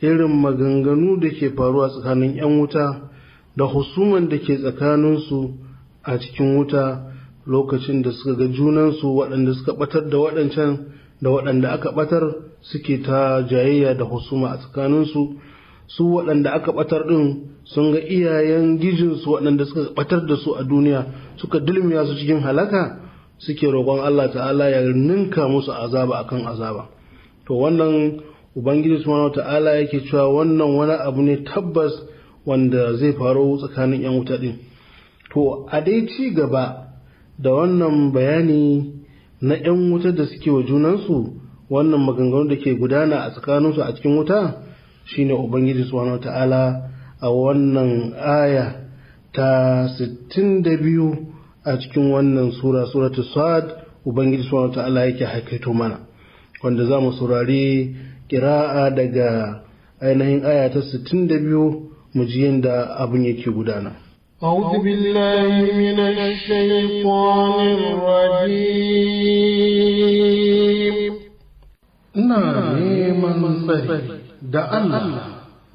irin maganganu da ke faruwa tsakanin 'yan wuta da husuman da ke tsakaninsu a cikin wuta lokacin da suka ga junansu waɗanda suka ɓatar da waɗancan da waɗanda aka ɓatar suke ta jayayya da husuma a tsakaninsu su waɗanda aka ɓatar ɗin sun ga iyayen gijinsu waɗanda suka ɓatar da su a duniya suka dulmiya su cikin halaka suke roƙon Allah ta'ala ya ninka musu azaba akan azaba to wannan ubangiji subhanahu ta'ala yake cewa wannan wani abu ne tabbas wanda zai faru tsakanin yan wuta ɗin to a dai ci gaba da wannan bayani na yan wuta da suke wa junansu wannan maganganu da ke gudana a tsakaninsu a cikin wuta shine ubangiji subhanahu ta'ala a wannan aya ta 62 a cikin wannan sura suratul sad ubangiji subhanahu ta'ala yake haikaito mana wanda za mu saurari kira'a daga ainihin aya ta 62 mu ji yadda abin yake gudana. أعوذ بالله من الشيطان الرجيم ina neman tsari da Allah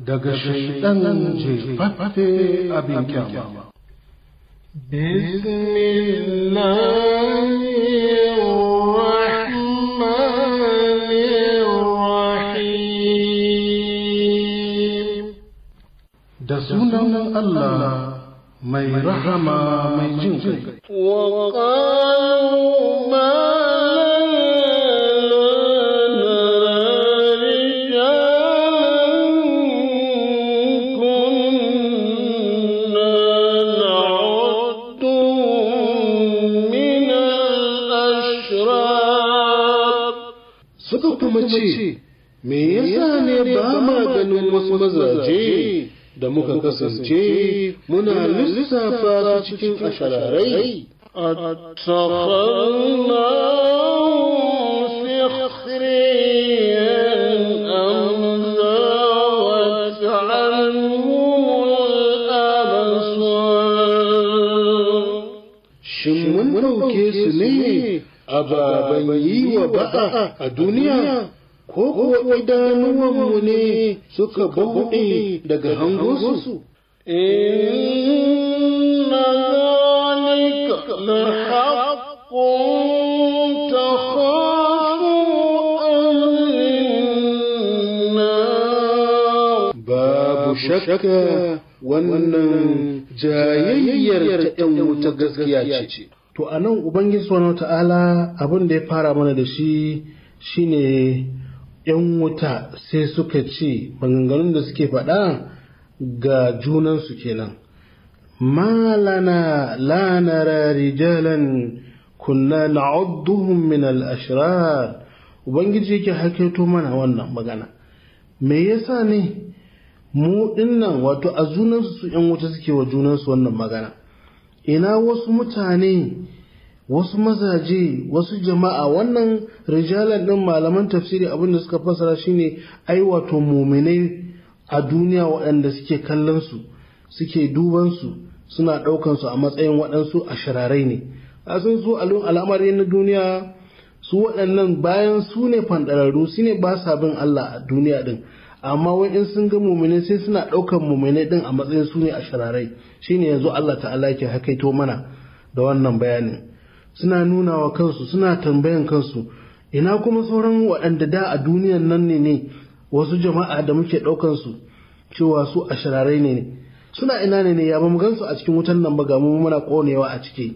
daga shaidan jefaffe abin kyama. Bismillah da sunan Allah mai rahama mai jin kai. Suka kuma ce, Me yasa ne ba ma ganin wasu mazaje da muka kasance muna lissafa su cikin ashararai أتخذناهم سخريا أم زاوت عنهم أبا بني وبقى الدنيا ko kuwa idanuwanmu ne suka bude daga hangosu. Inna zalika lahaqqun haqqun anna Babu shakka wannan jayayyar ta ‘yan wuta gaskiya ce. To, a nan Ubangiji Subhanahu ta'ala abin da ya fara mana da shi shine 'yan wuta sai suka ce maganganun da suke faɗa ga junansu kenan malana la nara rijalan kunna na'udduhum min al-ashrar ubangiji yake haƙeto mana wannan magana me yasa ne mu dinnan wato a junansu su 'yan wuta suke wa junansu wannan magana ina wasu mutane wasu mazaje wasu jama'a wannan rijalan din malaman tafsiri abin da suka fassara shine ai wato muminai a duniya waɗanda suke kallonsu su suke duban su suna ɗaukan a matsayin waɗansu a shirarai ne a sun su al'amari na duniya su waɗannan bayan su ne fanɗararru su ne ba sa bin Allah a duniya ɗin, amma wai sun ga muminai sai suna ɗaukan muminai ɗin a matsayin su ne a shirarai shine yanzu Allah ta'ala yake hakaito mana da wannan bayanin suna nuna wa kansu suna tambayan kansu ina kuma sauran waɗanda da a duniyan nan ne ne wasu jama'a da muke ɗaukansu? cewa su a shirarai ne ne suna ina ne ne ya ba mu a cikin wutan nan ba ga mu muna ƙonewa a ciki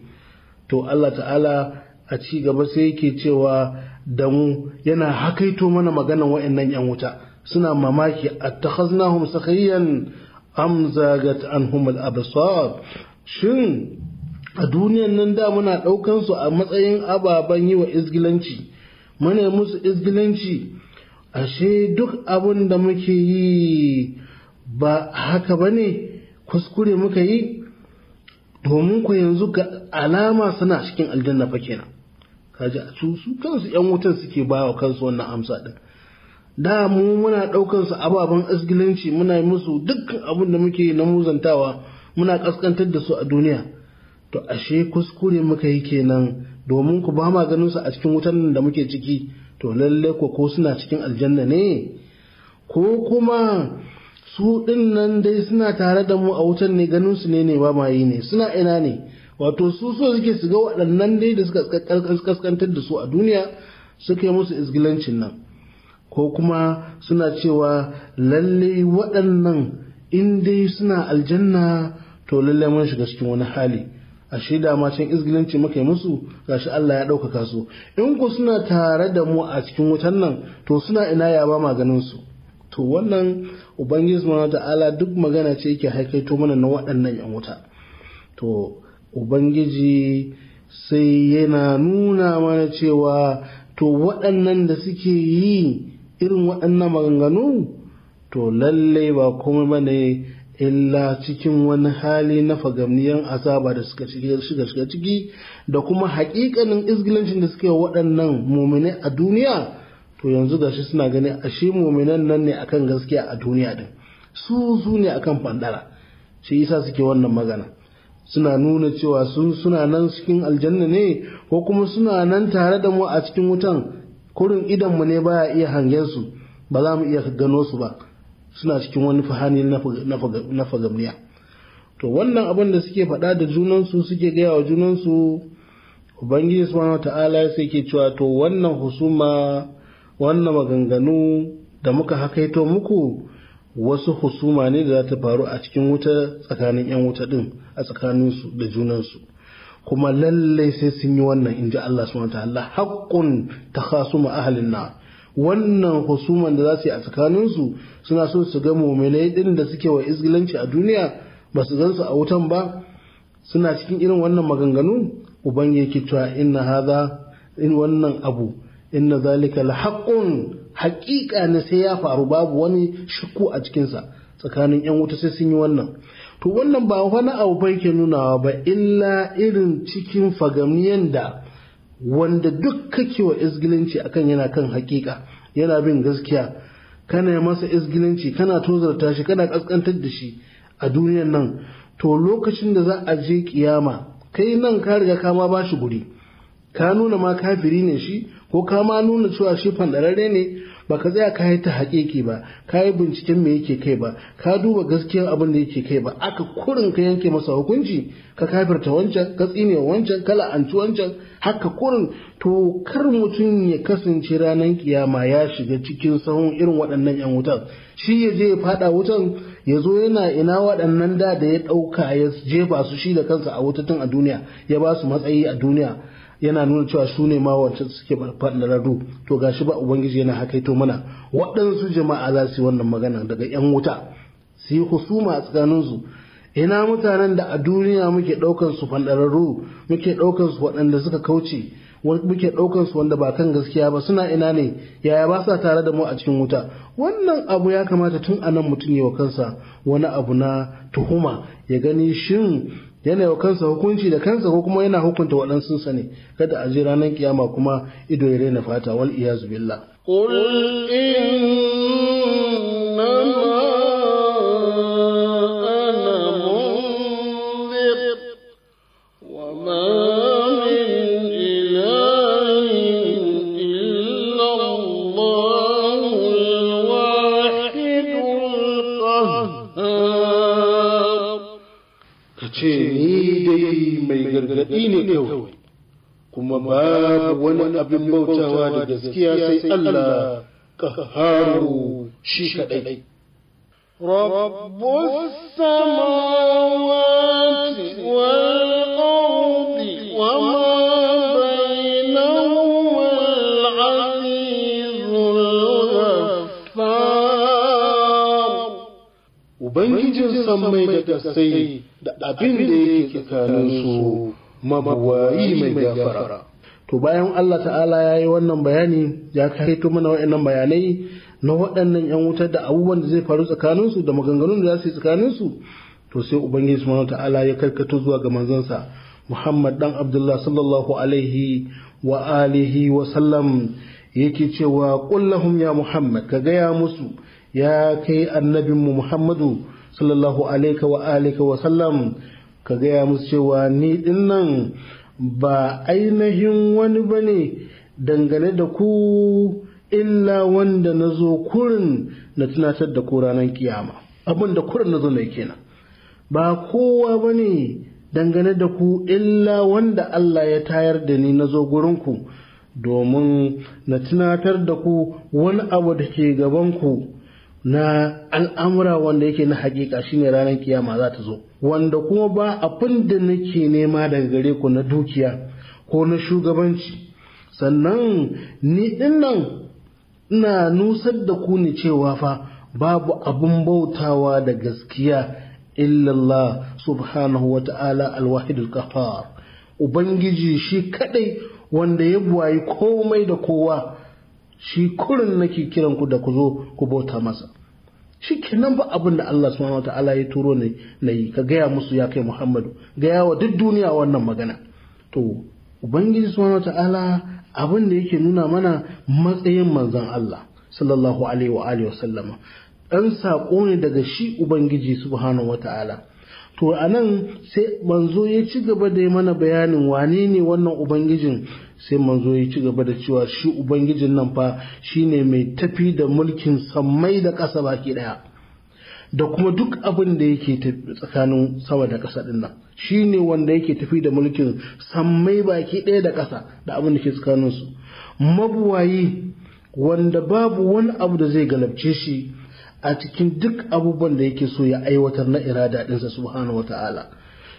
to Allah ta'ala a ci gaba sai yake cewa da mu yana hakaito mana maganan wa'annan yan wuta suna mamaki attakhaznahum sakhiyan am zagat anhum al-absar shin a duniyan nan da muna ɗaukan su a matsayin ababen yi wa izgilanci muna musu izgilanci ashe duk abin da muke yi ba haka ba ne kuskure muka yi domin ku yanzu ga alama suna cikin aljanna fa kenan kaji a su kansu yan wutan suke ba wa kansu wannan amsa din da mu muna ɗaukan su ababen asgilanci muna musu dukkan abin da muke na muzantawa muna kaskantar da su a duniya to ashe kuskure muka yi kenan domin ku ba ma ganin su a cikin wutan da muke ciki to lalle ko ko suna cikin aljanna ne ko kuma su din nan dai suna tare da mu a wutan ne ganin su ne ne ba ma yi ne suna ina ne wato su so suke su ga waɗannan dai da suka kaskantar da su a duniya suka yi musu izgilancin nan ko kuma suna cewa lalle waɗannan in dai suna aljanna to lalle mun shiga cikin wani hali a shaida ma can izgilinci muka yi musu gashi Allah ya ɗaukaka su in ku suna tare da mu a cikin wutan nan to suna ina ya ba maganin su to wannan ubangiji subhanahu ta'ala duk magana ce yake haikaito mana na waɗannan yan wuta to ubangiji sai yana nuna mana cewa to waɗannan da suke yi irin waɗannan maganganu to lallai ba komai bane illa cikin wani hali na fagamniyan azaba da suka shiga ciki da kuma haƙiƙanin izgilancin da suke waɗannan muminai a duniya to yanzu shi suna gani a shi muminan nan ne akan gaskiya a duniya din su su ne akan fandara shi yasa suke wannan magana suna nuna cewa sun suna nan cikin aljanna ne ko kuma suna nan tare da mu a cikin wutan kurin idan mu ne baya iya hangen su ba za mu iya gano su ba suna cikin wani fahani na fagamniya to wannan abin da suke faɗa da junansu suke gaya wa junansu ubangiji subhanahu ta'ala sai ke cewa to wannan husuma wannan maganganu da muka hakaito muku wasu husuma ne da za ta faru a cikin wuta tsakanin 'yan wuta din a tsakaninsu da junansu kuma lallai sai sun yi wannan in ji Allah subhanahu ta'ala haqqun takhasuma ahlin nar wannan husuman da za su yi a tsakaninsu suna so su ga muminai ɗin da suke wa izgilanci a duniya ba su gansu a wutan ba suna cikin irin wannan maganganu ubangiji cewa inna haza in wannan abu inna zalika lahaqqun haƙiƙa ne sai ya faru babu wani shakku a cikinsa tsakanin yan wuta sai sun yi wannan to wannan ba wani abu bai ke nunawa ba illa irin cikin fagamiyan da wanda duk kake wa izgilinci akan yana kan hakika yana bin gaskiya kana masa izgilinci kana tozarta shi kana kaskantar da shi a duniyan nan to lokacin da za a je kiyama kai nan ka riga ka ma bashi guri ka nuna ma kafiri ne shi ko ka ma nuna cewa shi fandararre ne ba ka tsaya ka yi ta haƙiƙi ba ka yi binciken me yake kai ba ka duba gaskiyar abin da yake kai ba aka kurin ka yanke masa hukunci ka kafirta wancan ka tsine wancan ka la'anci wancan haka kurin to kar mutum ya kasance ranar kiyama ya shiga cikin sahun irin waɗannan yan wutan shi ya je ya faɗa wutan ya zo yana ina waɗannan da da ya ɗauka ya jefa su shi da kansa a wuta a duniya ya ba su matsayi a duniya yana nuna cewa su ne ma wancan suke fadararru to gashi ba ubangiji yana ito mana waɗansu jama'a za su yi wannan magana daga 'yan wuta su yi husuma a tsakaninsu ina mutanen da a duniya muke ɗaukan su fadararru muke ɗaukan su waɗanda suka kauce muke ɗaukan su wanda ba kan gaskiya ba suna ina ne yaya ba sa tare da mu a cikin wuta wannan abu ya kamata tun anan mutum ya wa kansa wani abu na tuhuma ya gani shin yana wa kansa hukunci da kansa ko kuma yana hukunta waɗansu sa ne kada a je ranar kiyama kuma ido ya raina fata wal iyazu billah qul in shi ne kawai kuma babu wani abin bautawa da gaskiya sai Allah ƙaharu shi kaɗai. رب السماوات والأرض وما بينهما العزيز الغفار وبنجي سمي da abin da yake tsakaninsu mabuwayi mai gafara to bayan Allah ta'ala ya yi wannan bayani ya to mana wa'annan bayanai na waɗannan 'yan wutar da abubuwan da zai faru tsakaninsu da maganganun da za su yi tsakaninsu to sai ubangiji subhanahu ta'ala ya karkato zuwa ga manzansa muhammad dan abdullah sallallahu alaihi wa alihi wa sallam yake cewa kullahum ya muhammad ka gaya musu ya kai annabinmu muhammadu sallallahu alaihi wa alihi wa sallam ka gaya musu cewa ni dinnan, ba ainihin wani ba ne dangane da ku illa wanda na zo kurin na tunatar da ku ranar kiyama abin da kurin na zo na kenan ba kowa ba ne dangane da ku illa wanda Allah ya tayar da ni na zo gurinku domin na tunatar da ku wani abu da ke gabanku na al'amura wanda yake na hakika shine ranar kiyama za ta zo wanda kuma ba abin da nake nema daga gare ku na dukiya ko na shugabanci sannan ni dinnan ina nusar da ku ne cewa fa babu abin bautawa da gaskiya illallah subhanahu wa ta'ala alwahidul qahar ubangiji shi kadai wanda ya buwayi komai da kowa shi kurin nake kiran ku da ku zo ku bauta masa shi kenan ba abin da Allah subhanahu ta'ala ya turo ne na yi ka gaya musu ya kai Muhammadu gaya wa duk duniya wannan magana to ubangiji subhanahu ta'ala abin da yake nuna mana matsayin manzon Allah sallallahu alaihi wa alihi wa sallama dan sako ne daga shi ubangiji subhanahu ta'ala to a nan sai manzo ya ci gaba da mana bayanin wane ne wannan ubangijin sai manzo ya ci gaba da cewa shi ubangijin nan fa shine mai tafi da mulkin sammai da ƙasa baki ɗaya da kuma duk abin da yake tsakanin sama da ƙasa ɗin nan ne wanda yake tafi da mulkin sammai baki ɗaya da ƙasa da abin da ke tsakaninsu mabuwayi wanda babu wani abu da zai galabce shi a cikin duk abubuwan da yake so ya aiwatar na irada ɗinsa subhanahu wata'ala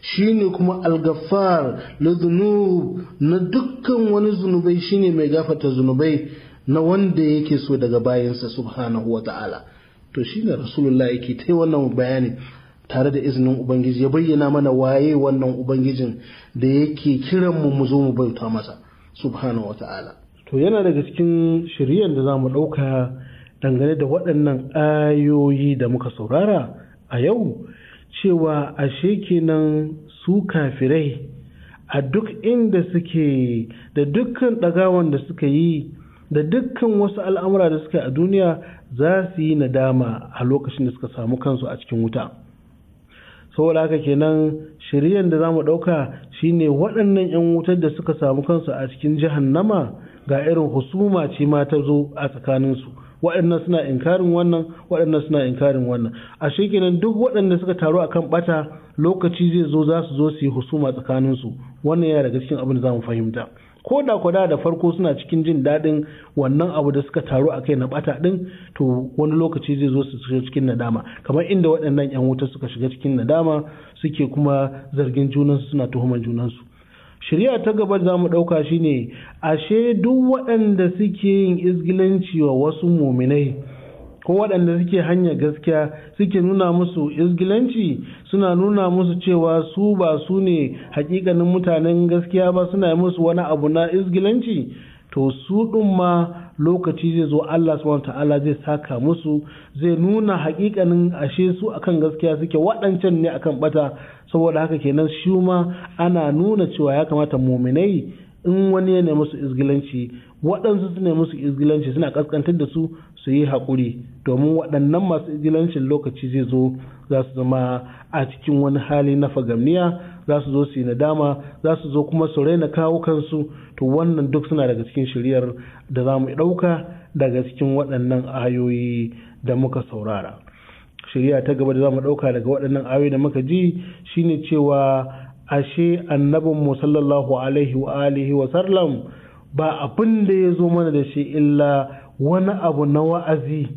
shine kuma algafar lidhunub na dukkan wani zunubai shine mai gafata zunubai na wanda yake so daga bayansa subhanahu wata'ala to shi shine rasulullah yake ta yi wannan bayani tare da izinin ubangiji ya bayyana mana waye wannan ubangijin da yake kiran mu mu zo mu bauta masa subhanahu wata'ala to yana daga cikin shiriyar da za mu ɗauka dangane da waɗannan ayoyi da muka saurara a yau cewa ashe kenan su kafirai a duk inda suke da dukkan ɗagawan da suka yi da dukkan wasu al'amura da suka a duniya za su yi nadama a lokacin da suka samu kansu a cikin wuta saboda haka kenan shiryan da za mu ɗauka shine waɗannan 'yan wutar da suka samu kansu a cikin jihannama ga irin husuma ce ma ta zo a tsakaninsu waɗannan suna inkarin wannan waɗannan suna inkarin wannan a shekinan duk waɗanda suka taru akan bata lokaci zai zo za su zo su yi husuma tsakaninsu wannan yana daga cikin abin da za fahimta ko da kwada da farko suna cikin jin daɗin wannan abu da suka taru a kai na bata ɗin to wani lokaci zai zo su shiga cikin nadama kamar inda waɗannan 'yan wuta suka shiga cikin nadama suke kuma zargin junansu suna tuhuman junansu shari'a ta gaba za mu ɗauka shine ashe duk waɗanda suke yin izgilanci wa wasu muminai ko waɗanda suke hanyar gaskiya suke nuna musu izgilanci suna nuna musu cewa su ba su ne hakikanin mutanen gaskiya ba suna yi musu wani abu na izgilanci to su ɗin ma lokaci zai zo Allah subhanahu ta'ala zai saka musu zai nuna hakikanin ashe su akan gaskiya suke waɗancan ne akan bata saboda haka kenan shi ma ana nuna cewa ya kamata muminai in wani ya musu izgilanci waɗansu su ne musu izgilanci suna kaskantar da su su yi haƙuri domin waɗannan masu izgilancin lokaci zai zo za su zama a cikin wani hali na fagamniya za su zo su yi nadama za su zo kuma su raina kawo kansu to wannan duk suna daga cikin shiryar da za mu ɗauka daga cikin waɗannan ayoyi da muka saurara shirya ta gaba da za mu ɗauka daga waɗannan ayoyi da muka ji shine cewa ashe annabin mu sallallahu alaihi wa alihi wa sallam ba abin da ya zo mana da shi illa wani abu na wa'azi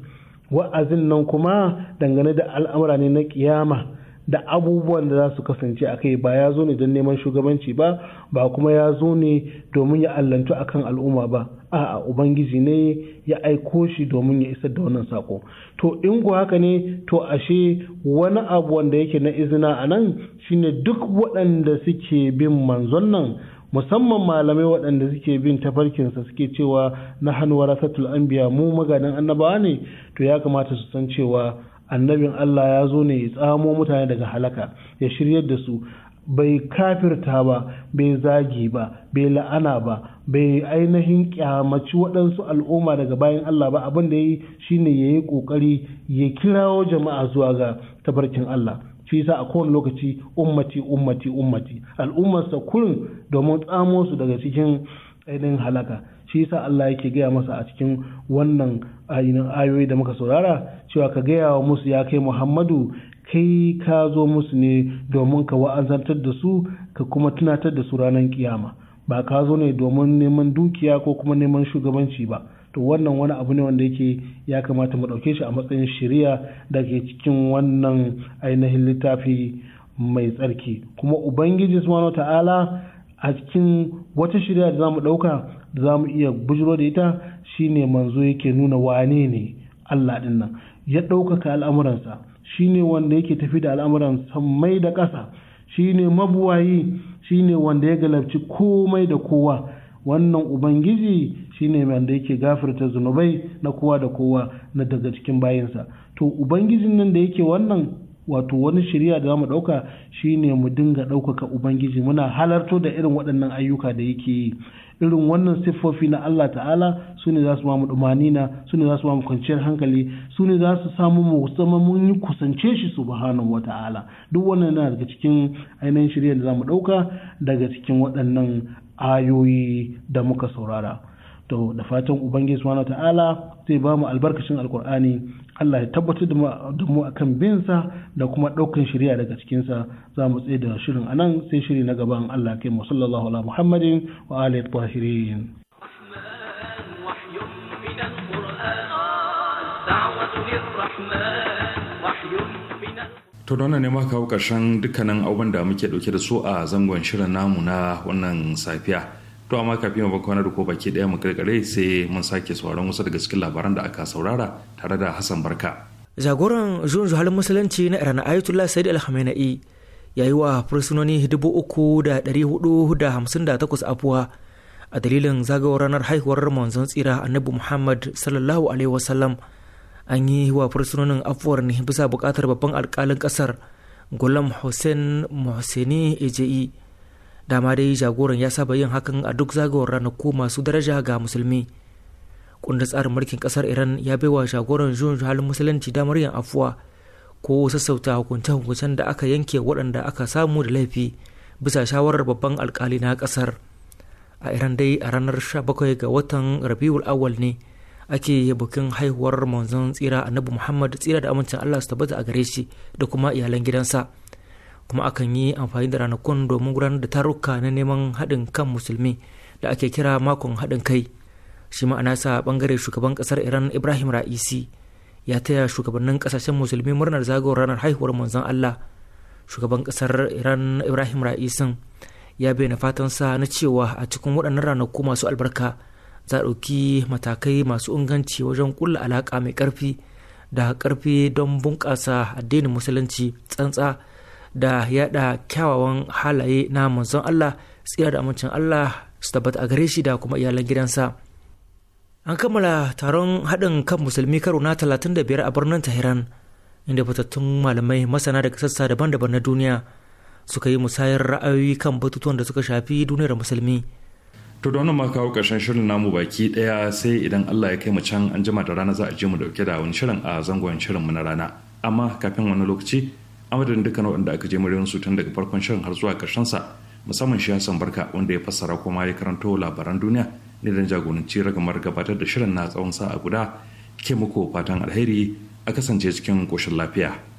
wa'azin nan kuma dangane da al'amura ne na kiyama da abubuwan da za su kasance a kai ba ya zo ne don neman shugabanci ba ba kuma ya zo ne domin ya allantu a kan al'umma ba a ubangiji ne ya aiko shi domin ya isar da wannan sako to in ku haka ne to ashe wani abu wanda yake na izina a nan shine duk waɗanda suke bin manzon nan musamman malamai waɗanda suke bin tafarkinsa suke cewa na hannu warasatul anbiya mu maganin annabawa ne to ya kamata su san cewa annabin Allah ya zo ne ya tsamo mutane daga halaka ya shiryar da su bai kafirta ba bai zagi ba bai la'ana ba bai ainihin kyamaci waɗansu al'umma daga bayan Allah ba abin da ya yi shine ya yi ƙoƙari ya kirawo jama'a zuwa ga tabarkin Allah shi yasa a kowane lokaci ummati ummati ummati al'ummarsa kurin domin tsamo su daga cikin ainihin halaka shi yasa Allah yake gaya masa a cikin wannan ayoyi da muka saurara cewa ka gaya wa musu ya kai Muhammadu kai ka zo musu ne domin ka wa'azantar da su ka kuma tunatar da su ranar kiyama ba ka zo ne domin neman dukiya ko kuma neman shugabanci ba to wannan wani abu ne wanda yake ya kamata mu ɗauke shi a matsayin shiriya da ke cikin wannan ainihin littafi mai tsarki kuma ubangiji subhanahu ta'ala a cikin wata shirya da za mu ɗauka za mu iya bujiro da ita shine manzo yake nuna wane ne Allah din nan ya ɗaukaka al'amuransa shine wanda yake tafi da al'amuran samai da ƙasa shine mabuwayi shine wanda ya galabci komai da kowa wannan ubangiji shine wanda yake gafarta zunubai na kowa da kowa na daga cikin bayinsa to ubangijin nan da yake wannan wato wani shirya da mu ɗauka shine mu dinga ɗaukaka ubangiji muna halarto da irin waɗannan ayyuka da yake yi irin wannan siffofi na Allah ta'ala su ne za su mu su ne za su mu kwanciyar hankali su ne za su samu mu zama mun yi kusance shi subhanahu wa ta'ala duk wannan yana daga cikin ainihin shirya da za mu ɗauka daga cikin waɗannan ayoyi da muka saurara to da fatan ubangiji subhanahu wa ta'ala zai ba mu albarkacin alkur'ani Allah ya tabbatar da mu akan binsa da kuma ɗaukan shirya daga cikinsa za mu tsaye da shirin anan sai shiri na gaban Allah ke mu sallallahu ala Muhammadin wa alihi tahirin To da ne maka kawo ƙarshen dukkanin abubuwan da muke ɗauke da su a zangon shirin namu na wannan safiya. to amma kafin mu kwana da ko baki daya mu kirkire sai mun sake sauraron wasu daga cikin labaran da aka saurara tare da Hassan Barka jagoran jun Juhal musulunci na Iran Ayatollah Said Al-Khamenei yayi wa fursunoni dubu uku da dari hudu da hamsin da takwas afuwa a dalilin zagawar ranar haihuwar manzon tsira annabi muhammad sallallahu alaihi wasallam an yi wa fursunonin afuwar ne bisa bukatar babban alƙalin kasar gulam hussein muhsini eje'i dama dai jagoran ya saba yin hakan a duk zagawar ranaku masu daraja ga musulmi kundin tsarin mulkin kasar iran ya baiwa jagoran juyin halin musulunci damar yin afuwa ko sassauta hukunce-hukuncen da aka yanke waɗanda aka samu da laifi bisa shawarar babban alkali na kasar a iran dai a ranar 17 ga watan rabiul awal ne ake bukin haihuwar manzon tsira annabi muhammad tsira da amincin allah su tabbata a gare shi da kuma iyalan gidansa kuma akan yi amfani da ranakun domin gudanar da taruka na neman haɗin kan musulmi da ake kira makon haɗin kai shi ma'ana sa bangare shugaban ƙasar iran ibrahim ra'isi ya taya shugabannin ƙasashen musulmi murnar zagawar ranar haihuwar manzon allah shugaban ƙasar iran ibrahim ra'isin ya bayyana fatan sa na cewa a cikin waɗannan ranaku masu albarka za a ɗauki matakai masu inganci wajen ƙulla alaƙa mai ƙarfi da ƙarfi don bunƙasa addinin musulunci tsantsa da yada kyawawan halaye na manzon Allah tsira da amincin Allah su tabbata a gare shi da kuma iyalan gidansa an kammala taron haɗin kan musulmi karo na 35 a birnin tahiran inda fitattun malamai masana daga sassa daban-daban na duniya suka yi musayar ra'ayoyi kan batutuwan da suka shafi duniyar musulmi to da wannan kawo ƙarshen shirin namu baki ɗaya sai idan Allah ya kai mu can an jima da rana za a je mu dauke da wani shirin a zangon shirin mu na rana amma kafin wani lokaci amadadin dukkan waɗanda aka je muryoyin su tun daga farkon shirin har zuwa ƙarshen sa musamman shi Hassan Barka wanda ya fassara kuma ya karanto labaran duniya ne dan jagoranci ragamar gabatar da shirin na tsawon sa'a guda ke muku fatan alheri a kasance cikin koshin lafiya.